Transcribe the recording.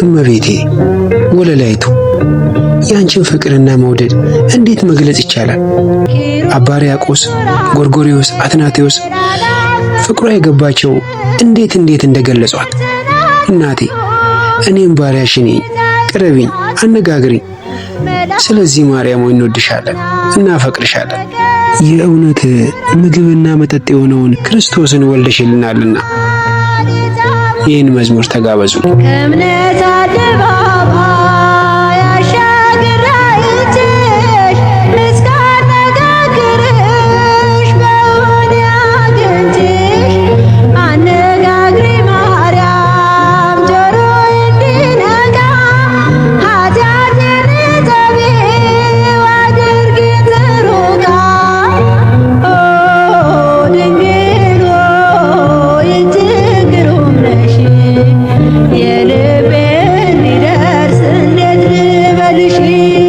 እመቤቴ ወለላይቱ ያንቺን ፍቅርና መውደድ እንዴት መግለጽ ይቻላል? አባ ሕርያቆስ፣ ጎርጎርዮስ፣ አትናቴዎስ ፍቅሯ የገባቸው እንዴት እንዴት እንደገለጿት። እናቴ እኔም ባሪያሽ ነኝ፣ ቅረቢኝ፣ አነጋግሪኝ። ስለዚህ ማርያም ሆይ እንወድሻለን፣ እናፈቅርሻለን። የእውነት ምግብና መጠጥ የሆነውን ክርስቶስን ወልደሽልናልና ይህን መዝሙር ተጋበዙ። কৃষ্ণ